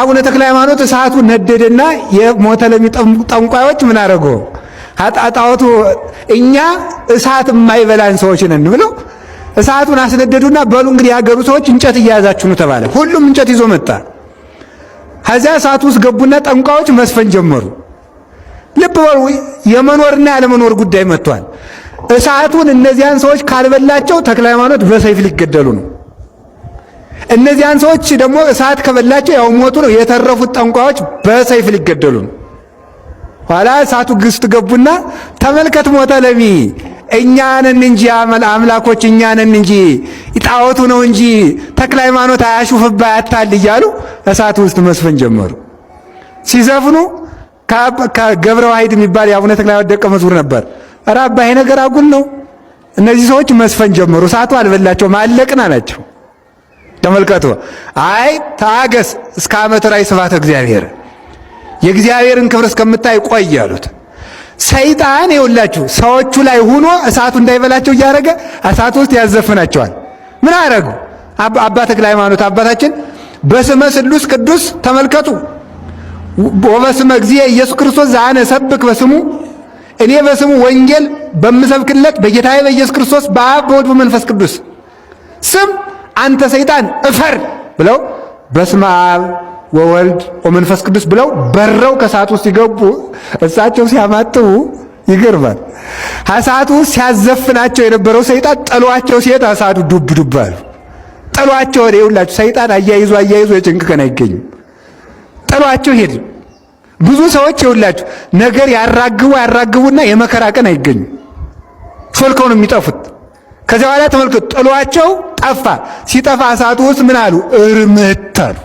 አቡነ ተክለ ሃይማኖት እሳቱ ነደደና የሞተ ጠንቋዮች ምን አረጎ አጣጣውቱ እኛ እሳት የማይበላን ሰዎች ነን ብሎ እሳቱን አስነደዱና በሉ እንግዲህ ያገሩ ሰዎች እንጨት እያያዛችሁ ነው ተባለ። ሁሉም እንጨት ይዞ መጣ። ከዚያ እሳቱ ውስጥ ገቡና ጠንቋዮች መስፈን ጀመሩ። ልብ በሉ፣ የመኖርና ያለመኖር ጉዳይ መጥቷል። እሳቱን እነዚያን ሰዎች ካልበላቸው ተክለ ሃይማኖት በሰይፍ ሊገደሉ ነው። እነዚያን ሰዎች ደግሞ እሳት ከበላቸው ያው ሞቱ ነው። የተረፉት ጠንቋዮች በሰይፍ ሊገደሉ ነው። ኋላ እሳቱ ግስት ገቡና ተመልከት ሞተ ለሚ እኛንን እንጂ አምላኮች እኛንን እንጂ ጣዖቱ ነው እንጂ ተክለ ሃይማኖት አያሹፍባ ያታል እያሉ እሳቱ ውስጥ መስፈን ጀመሩ። ሲዘፍኑ ከገብረ ዋሂድ የሚባል የአቡነ ተክለሃይማኖት ደቀ መዝሙር ነበር። ራባ ይሄ ነገር አጉል ነው። እነዚህ ሰዎች መስፈን ጀመሩ። እሳቱ አልበላቸው ማለቅን አላቸው። ተመልከቱ። አይ ታገስ እስከ ዓመት ራይ ስብሐተ እግዚአብሔር የእግዚአብሔርን ክብር እስከምታይ ቆይ ያሉት ሰይጣን ይውላችሁ ሰዎቹ ላይ ሆኖ እሳቱ እንዳይበላቸው እያደረገ እሳቱ ውስጥ ያዘፍናቸዋል። ምን አረጉ? አባ ተክለ ሃይማኖት አባታችን በስመ ስሉስ ቅዱስ ተመልከቱ። ወበስመ እግዚእ ኢየሱስ ክርስቶስ ዛነ ሰብክ በስሙ እኔ በስሙ ወንጌል በምሰብክለት በጌታዬ በኢየሱስ ክርስቶስ በአብ በወልድ በመንፈስ ቅዱስ ስም አንተ ሰይጣን እፈር ብለው በስመ አብ ወወልድ ወመንፈስ ቅዱስ ብለው በረው ከሰዓት ውስጥ ሲገቡ እሳቸው ሲያማጥቡ ይገርማል። እሳቱ ሲያዘፍናቸው የነበረው ሰይጣን ጥሏቸው ሲሄድ ከሰዓቱ ዱብ ዱብ አሉ። ጥሏቸው ሄደ። ይኸውላችሁ ሰይጣን አያይዞ አያይዞ የጭንቅ ቀን አይገኝም። ጥሏቸው ሄድ። ብዙ ሰዎች ይኸውላችሁ ነገር ያራግቡ ያራግቡና የመከራ ቀን አይገኙም። ሾልከው ነው የሚጠፉት። ከዚያ በኋላ ተመልከቱ ጥሏቸው ጠፋ። ሲጠፋ እሳቱ ውስጥ ምን አሉ? እርምት አሉ።